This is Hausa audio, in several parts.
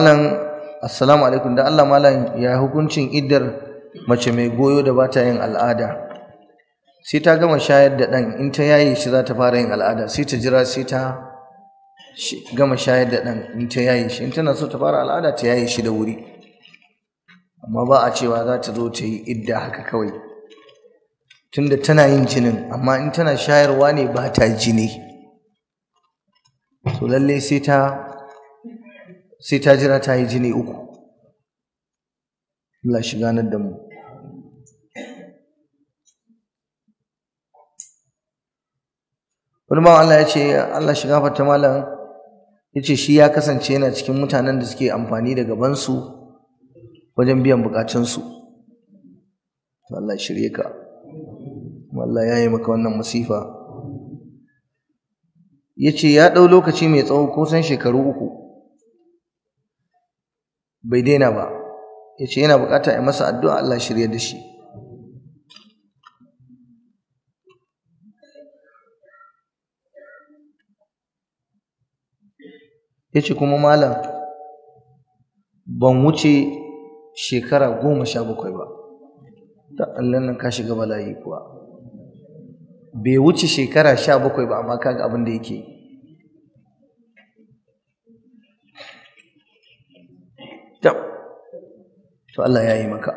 malam assalamu alaikum da Allah malam ya hukuncin iddar mace mai goyo da bata yin al'ada sai ta gama shayar da ɗan in ta yayi shi za ta fara yin al'ada sai ta jira sai ta gama shayar da ɗan in ta yayi shi in tana so ta fara al'ada ta yayi shi da wuri amma ba a cewa za ta zo ta yi idda haka kawai tunda tana yin jinin amma in tana shayarwa ne ba ta jini to lallai sai ta sai ta jira ta yi jini uku Allah shi ganar da mu wani Allah ya ce Allah shiga fata malam ya ce shi ya kasance yana cikin mutanen da suke amfani da gabansu wajen biyan bukacinsu Allah shirye ka Allah ya yi maka wannan masifa ya ce ya ɗau lokaci mai tsawo kusan shekaru uku bai daina ba ya ce yana bukata ya masa addu'a Allah shirya da shi ya ce kuma malam ban wuce shekara goma sha bakwai ba da allon nan ka shiga bala'i kuwa bai wuce shekara sha bakwai ba amma kaga abin da yake yi to Allah ya yi maka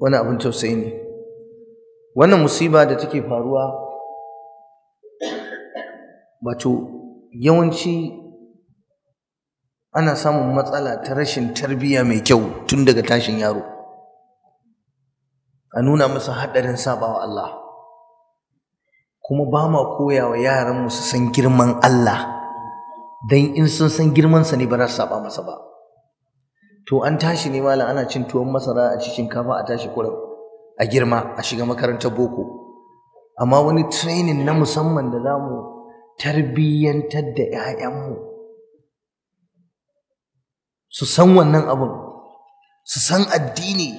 wani abin tausayi ne wannan musiba da take faruwa wato yawanci ana samun matsala ta rashin tarbiyya mai kyau tun daga tashin yaro a nuna masa haɗarin sabawa Allah kuma ba ma koya wa yaranmu su san girman Allah don in sun san girmansa ne ba za su saba masa ba to an tashi ne malam ana cin tuwon masara a cikin kafa a tashi kurin a girma a shiga makarantar boko amma wani training na musamman da za mu tarbiyyantar da 'ya'yanmu su san wannan abin su san addini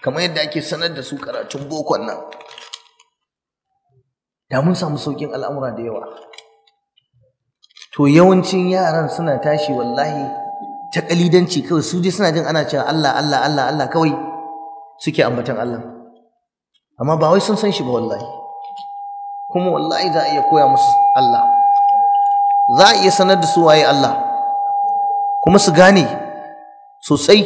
kamar yadda ake sanar da su karatun bokon nan da mun samu saukin al'amura da yawa to yawancin yaran suna tashi wallahi ta ƙalidanci kawai su je suna jin ana cewa Allah Allah Allah Allah kawai suke ambatan Allah amma ba wai sun san shi ba wallahi kuma wallahi za a iya koya musu Allah za a iya sanar da su waye Allah kuma su gane sosai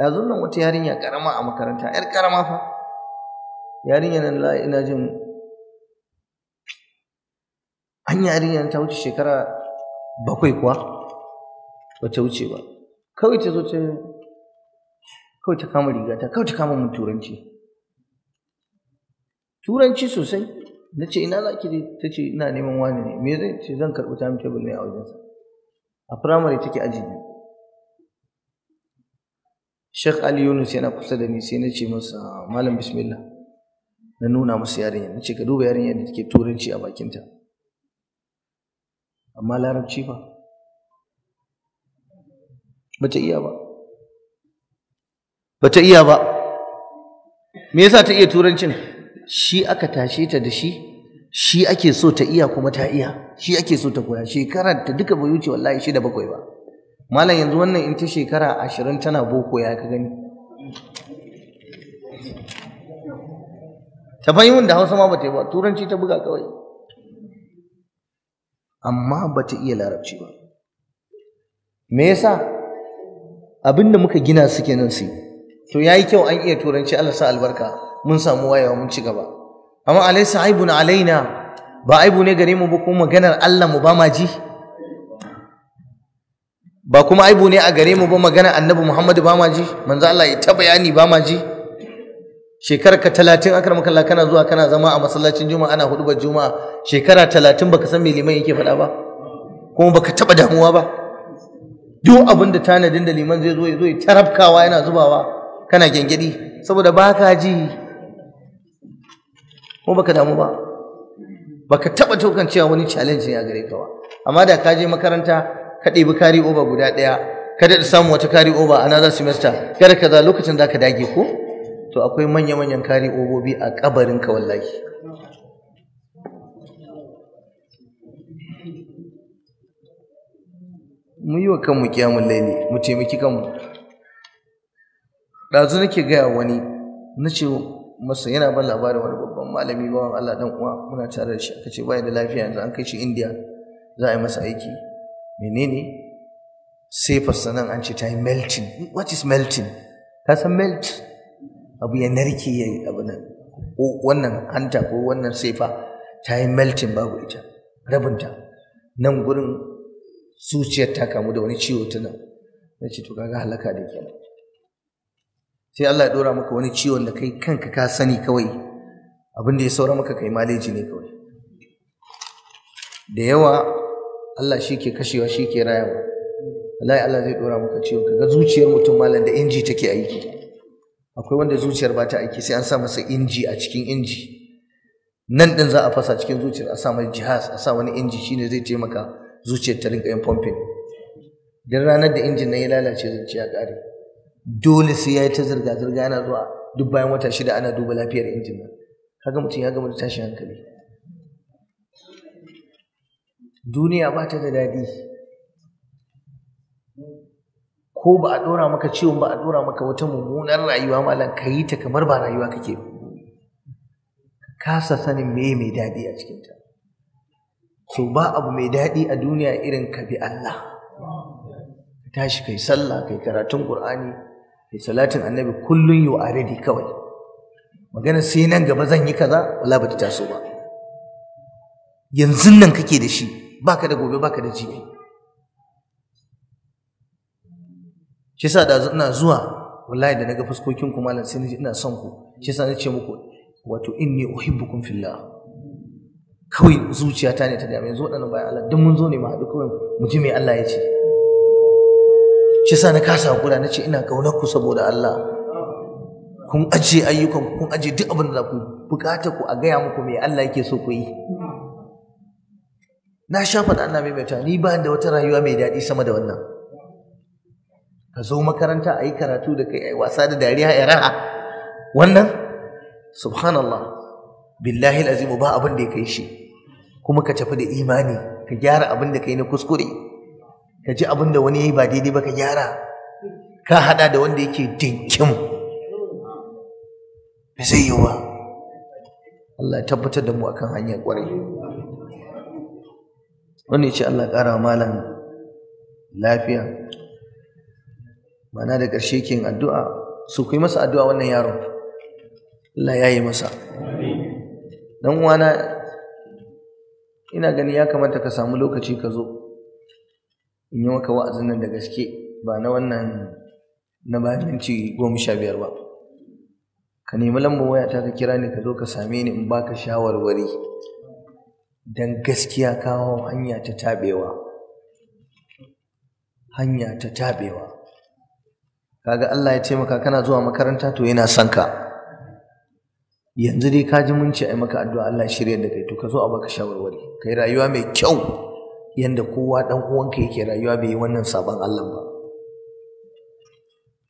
ɗazun nan wata yarinya ƙarama a makaranta ‘yar ƙarama fa yarinya nan ina jin an yarinya ta wuce shekara bakwai kuwa ba ta wuce ba kawai ta zo ta kawai ta kama rigata kawai ta kama mun turanci turanci sosai na ce ina za ki ta ce ina neman wani ne me zai ce zan karɓi ta mutu ne a wajensa a firamare take aji ne. Sheikh Ali Yunus yana kusa da ni sai na ce masa malam bismillah na nuna masa yarinya na ce ka duba yarinya da take turanci a bakinta amma larabci fa bata iya ba bata iya ba me yasa ta iya turancin shi aka tashe ta da shi shi ake so ta iya kuma ta iya shi ake so ta koya Shekara ta duka bai wuce wallahi da bakwai ba malam yanzu wannan in ta shekara ashirin tana boko ya ka gani ta fahimun da hausa ma ba ta yi ba turanci ta buga kawai amma ba ta iya larabci ba me yasa abin da muka gina su kenan su to yayi kyau an iya turanci Allah sa albarka mun samu wayewa mun ci gaba amma alaysa aibun alaina ba aibu ne gare mu ba ko maganar Allah mu ba ma ji ba kuma aibu ne a gare mu ba maganar Annabi Muhammadu ba ma ji manzo Allah ya ta bayani ba ma ji shekarar ka talatin akar makalla kana zuwa kana zama a masallacin juma'a ana hudu juma'a shekara talatin baka san me liman yake faɗa ba kuma baka taɓa damuwa ba duk abin da tanadin da liman zai zo ya zo ya tarafkawa yana zubawa kana gyangyaɗi saboda baka ji ko baka damu ba baka taɓa tokan cewa wani challenge ne a gare ka ba amma da ka je makaranta ka ɗebi kari oba guda ɗaya ka daɗa samun wata kari oba a another semester kada kaza lokacin za ka dage ko to akwai manya-manyan kari obobi a kabarin ka wallahi mu yi wa kanmu kiyamun laili mu taimaki kanmu ɗazu nake gaya wani na ce masa yana ban labarin wani babban malami bawan Allah dan uwa muna tare da shi aka ce bai da lafiya yanzu an kai shi Indiya, za a yi masa aiki menene sai nan an ce ta yi melting what is melting ka san melt abu ya narke ya yi abu nan wannan hanta ko wannan sefa ta yi melting babu ita rabinta nan gurin zuciyar ta kamu da wani ciwo tunan, na ce to kaga halaka da ke sai Allah ya dora maka wani ciwon da kai kanka ka sani kawai abin ya saura maka kai maleji ne kawai da yawa Allah shi ke kashewa shi ke rayawa wallahi Allah zai dora maka ciwon kaga zuciyar mutum malam da inji take aiki akwai wanda zuciyar ba ta aiki sai an sa masa inji a cikin inji nan din za a fasa cikin zuciyar a sa mai jihaz a sa wani inji shine zai taimaka zuciyar ta rinka yin pumping dan ranar da injin nan ya lalace zuciya ƙare dole sai ya ta zirga zirga yana zuwa duk bayan wata shida ana duba lafiyar injin nan kaga mutum ya gama da tashin hankali duniya ba ta da daɗi ko ba a ɗora maka ciwon ba a ɗora maka wata mummunar rayuwa malam ka yi ta kamar ba rayuwa kake kasa sanin me mai daɗi a cikinta so ba abu mai daɗi a duniya irin ka bi Allah ka tashi kai sallah kai karatun Qur'ani kai salatin annabi kullun yu aridi kawai magana sai nan gaba zan yi kaza wala ba ta taso ba yanzu nan kake da shi baka da gobe baka da jibi shi yasa da ina zuwa wallahi da naga fuskokin ku malam sai ina son ku shi yasa nace muku wato inni uhibbukum fillah kawai zuciyata ne ta dame yanzu wadannan bayan Allah duk mun zo ne mu duk kawai mu ji me Allah ya ce shi yasa na kasa hakura nace ina kaunar ku saboda Allah kun ajiye ayyukan ku kun ajiye duk abin da ku bukata ku a gaya muku me Allah yake so ku yi na sha faɗa Allah mai mai ni ba da wata rayuwa mai daɗi sama da wannan ka zo makaranta a yi karatu da kai a wasa da dariya ya raha wannan subhanallah billahi azimu ba abin da ya kai shi kuma ka tafi da imani ka gyara abin da kai na kuskure ka ji abin da wani ya yi ba daidai ba ka gyara ka hada da wanda yake dinkin ba zai yi ba Allah ya tabbatar da mu akan hanyar kwarai wannan ce Allah ƙara malam lafiya mana da ƙarshe ke addu'a su ku yi masa addu'a wannan yaron Allah ya yi masa Ɗan uwana ina gani ya kamata ka samu lokaci ka zo in yi maka wa'azin nan da gaske ba na wannan na bayan minti goma sha biyar ba ka nemi lambar waya ta ka kira ni ka zo ka same ni in baka shawarwari don gaskiya kawo hanya ta tabewa hanya ta tabewa kaga Allah ya taimaka kana zuwa makaranta to yana son ka yanzu dai ka ji mun ce ai maka addu'a Allah shirya da kai to ka zo a baka shawarwari kai rayuwa mai kyau yanda kowa dan uwanka yake rayuwa bai yi wannan sabon Allah ba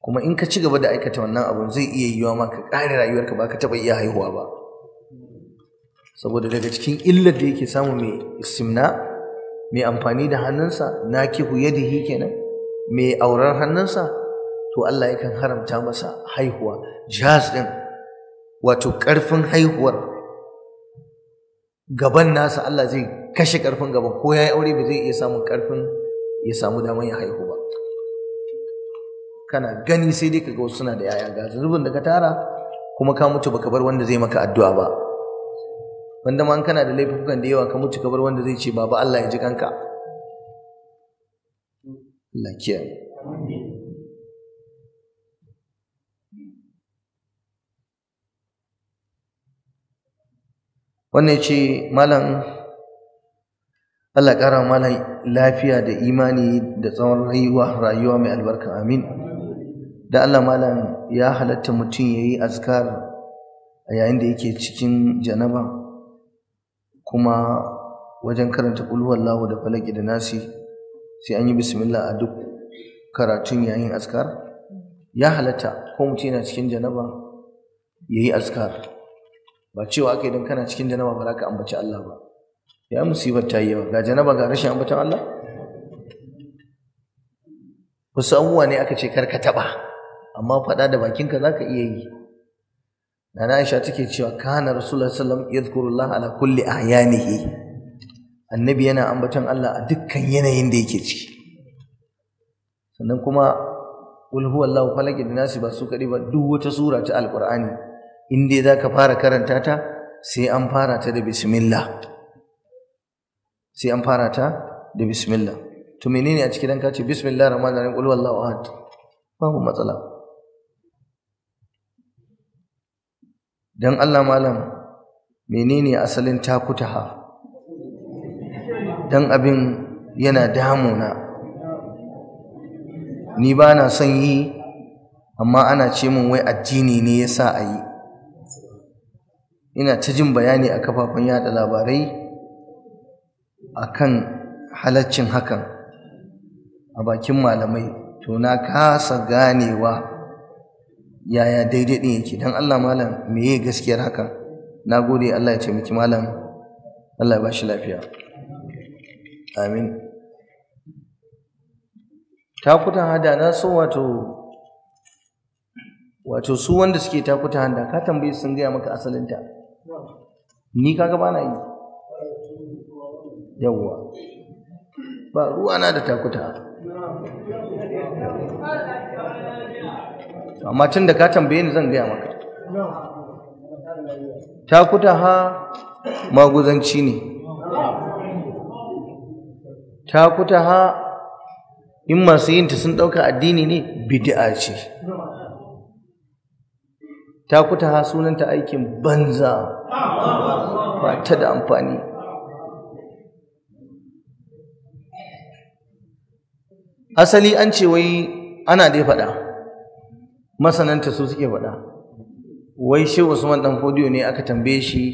kuma in ka ci gaba da aikata wannan abun zai iya yiwa ma ka rayuwarka ba ka taɓa iya haihuwa ba saboda daga cikin illar da yake samu mai simna, mai amfani da hannunsa na kihu yadihi kenan mai auren hannunsa to Allah yakan haramta masa haihuwa jihaz din wato ƙarfin haihuwar gaban nasa Allah zai kashe ƙarfin gaban ko ya yi aure ba zai iya samun ƙarfin ya samu damar ya haihu ba kana gani sai dai kaga wasu suna da yaya ga zunubin da ka tara kuma ka mutu baka bar wanda zai maka addu'a ba wanda ma kana da laifukan da yawa ka mutu ka bar wanda zai ce baba Allah ya ji kanka Allah wannan ce malam Allah ƙara malam lafiya da imani da tsawon rayuwa rayuwa mai albarka amin da Allah malam ya halatta mutum ya yi azkar a yayin da yake cikin janaba kuma wajen karanta ƙulhuwar lahu da falaki da nasi sai an yi bismillah a duk karatun yayin azkar ya halatta ko mutum yana cikin janaba ya yi azkar ba cewa aka idan kana cikin janaba ba za ka ambaci Allah ba ya musibar ta yi yawa ga janaba ga rashin ambatan Allah wasu abubuwa ne aka ce karka taɓa amma faɗa da bakinka za ka iya yi na Aisha take cewa kana rasulullah sallam yadhkurullah ala kulli ahyanihi annabi yana ambaton Allah a dukkan yanayin da yake ciki sannan kuma qul huwallahu falaq da nasi ba su kadi ba duk wata sura ta alqur'ani in dai za ka fara karanta ta sai an fara ta da bismillah sai an fara ta da bismillah to menene a cikin ka ce bismillah rahman rahim qul wallahu ahad babu matsala dan Allah malam menene asalin ha? dan abin yana damuna ni ba na son yi amma ana ce min wai addini ne yasa a yi ina ta jin bayani a kafafen yada labarai kan halaccin hakan a bakin malamai to na kasa ganewa yaya daidai ɗin yake don Allah malam meye gaskiyar hakan na gode Allah ya taimaki malam Allah ya ba shi lafiya amin takutan hada na so wato wato su wanda suke takutan hada ka tambayi sun gaya maka asalinta ni kaga ba na yi yawwa ba ruwa na da takuta amma tun da ka tambaye ni zan gaya maka takuta ha maguzanci ne takuta ha in masu yinta sun ɗauka addini ne bid'a ce takutaha sunanta aikin banza ba ta da amfani asali an ce wai ana dai faɗa masananta su suke faɗa wai shi usman dan fodiyo ne aka tambaye shi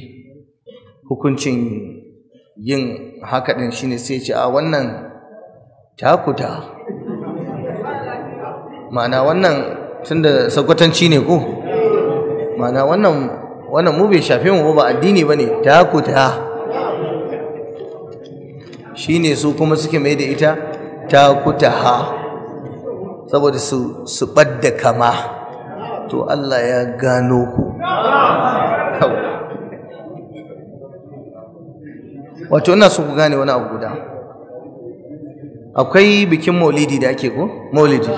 hukuncin yin haka ɗin shine sai ce a wannan takuta ma'ana wannan tunda sakwatanci ne ko ma'ana wannan wannan mu bai shafe mu ba addini bane ta ku ta shine su kuma suke mai da ita ta ku ta ha saboda su su badda kama to Allah ya gano ku wato ina so ku gane wani abu guda akwai bikin maulidi da ake ko maulidi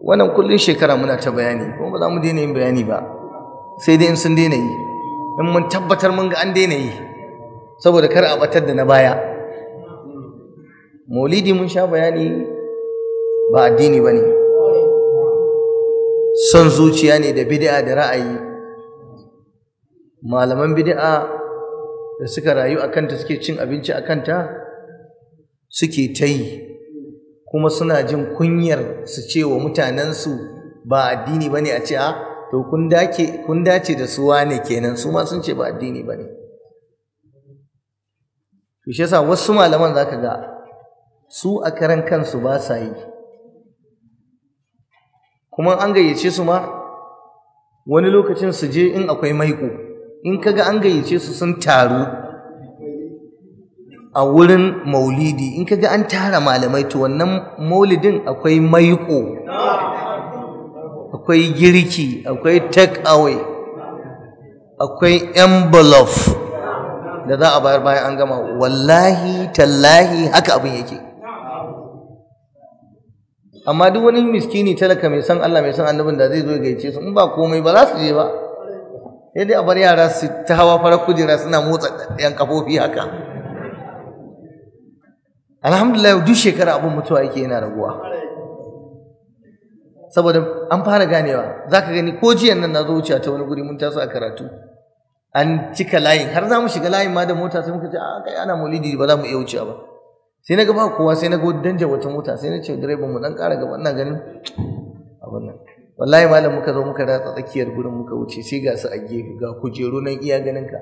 wannan kullum shekara muna ta bayani kuma ba za mu daina yin bayani ba sai dai in sun daina yi in mun tabbatar mun ga an daina yi saboda kar a batar da na baya maulidi mun sha bayani ba addini ba ne son zuciya ne da bid'a da ra'ayi malaman bid'a da suka rayu a kanta suke cin abinci a kanta suke ta yi kuma suna jin kunyar su ce wa mutanensu ba addini ba ne a ce to kun dace da su wane kenan su ma sun ce ba addini ba ne shi wasu malaman za ka ga su a karan kansu ba sa yi kuma an gayyace su ma wani lokacin su je in akwai maiko in kaga an gayyace su sun taru a wurin maulidi in kaga an tara malamai to wannan maulidin akwai maiko akwai girki akwai take away akwai envelope da za a bayar bayan an gama wallahi tallahi haka abin yake amma duk wani miskini talaka mai san Allah mai san annabin da zai zo gaice su in ba komai ba za su je ba sai dai a bar yara su ta hawa farar kujera suna motsa yan kafofi haka alhamdulillah duk shekara abun mutuwa yake yana raguwa saboda an fara ganewa za ka gani ko jiyan nan na zo wuce ta wani guri mun taso a karatu an cika layin har za mu shiga layin ma da mota sai muka ce a ah, kai ana maulidi ba za mu iya wucewa ba sai na gaba kowa sai na ga danja wata mota sai na ce direban mu dan ƙara gaba ina ganin abin nan wallahi malam muka zo muka ratsa tsakiyar gurin muka wuce sai ga su a gefe ga kujeru nan iya ganin ka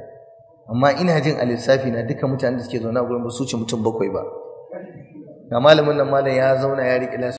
amma ina jin a lissafi na duka mutanen da suke zaune a gurin ba su ce mutum bakwai ba ga malamin nan malam ya zauna ya riƙe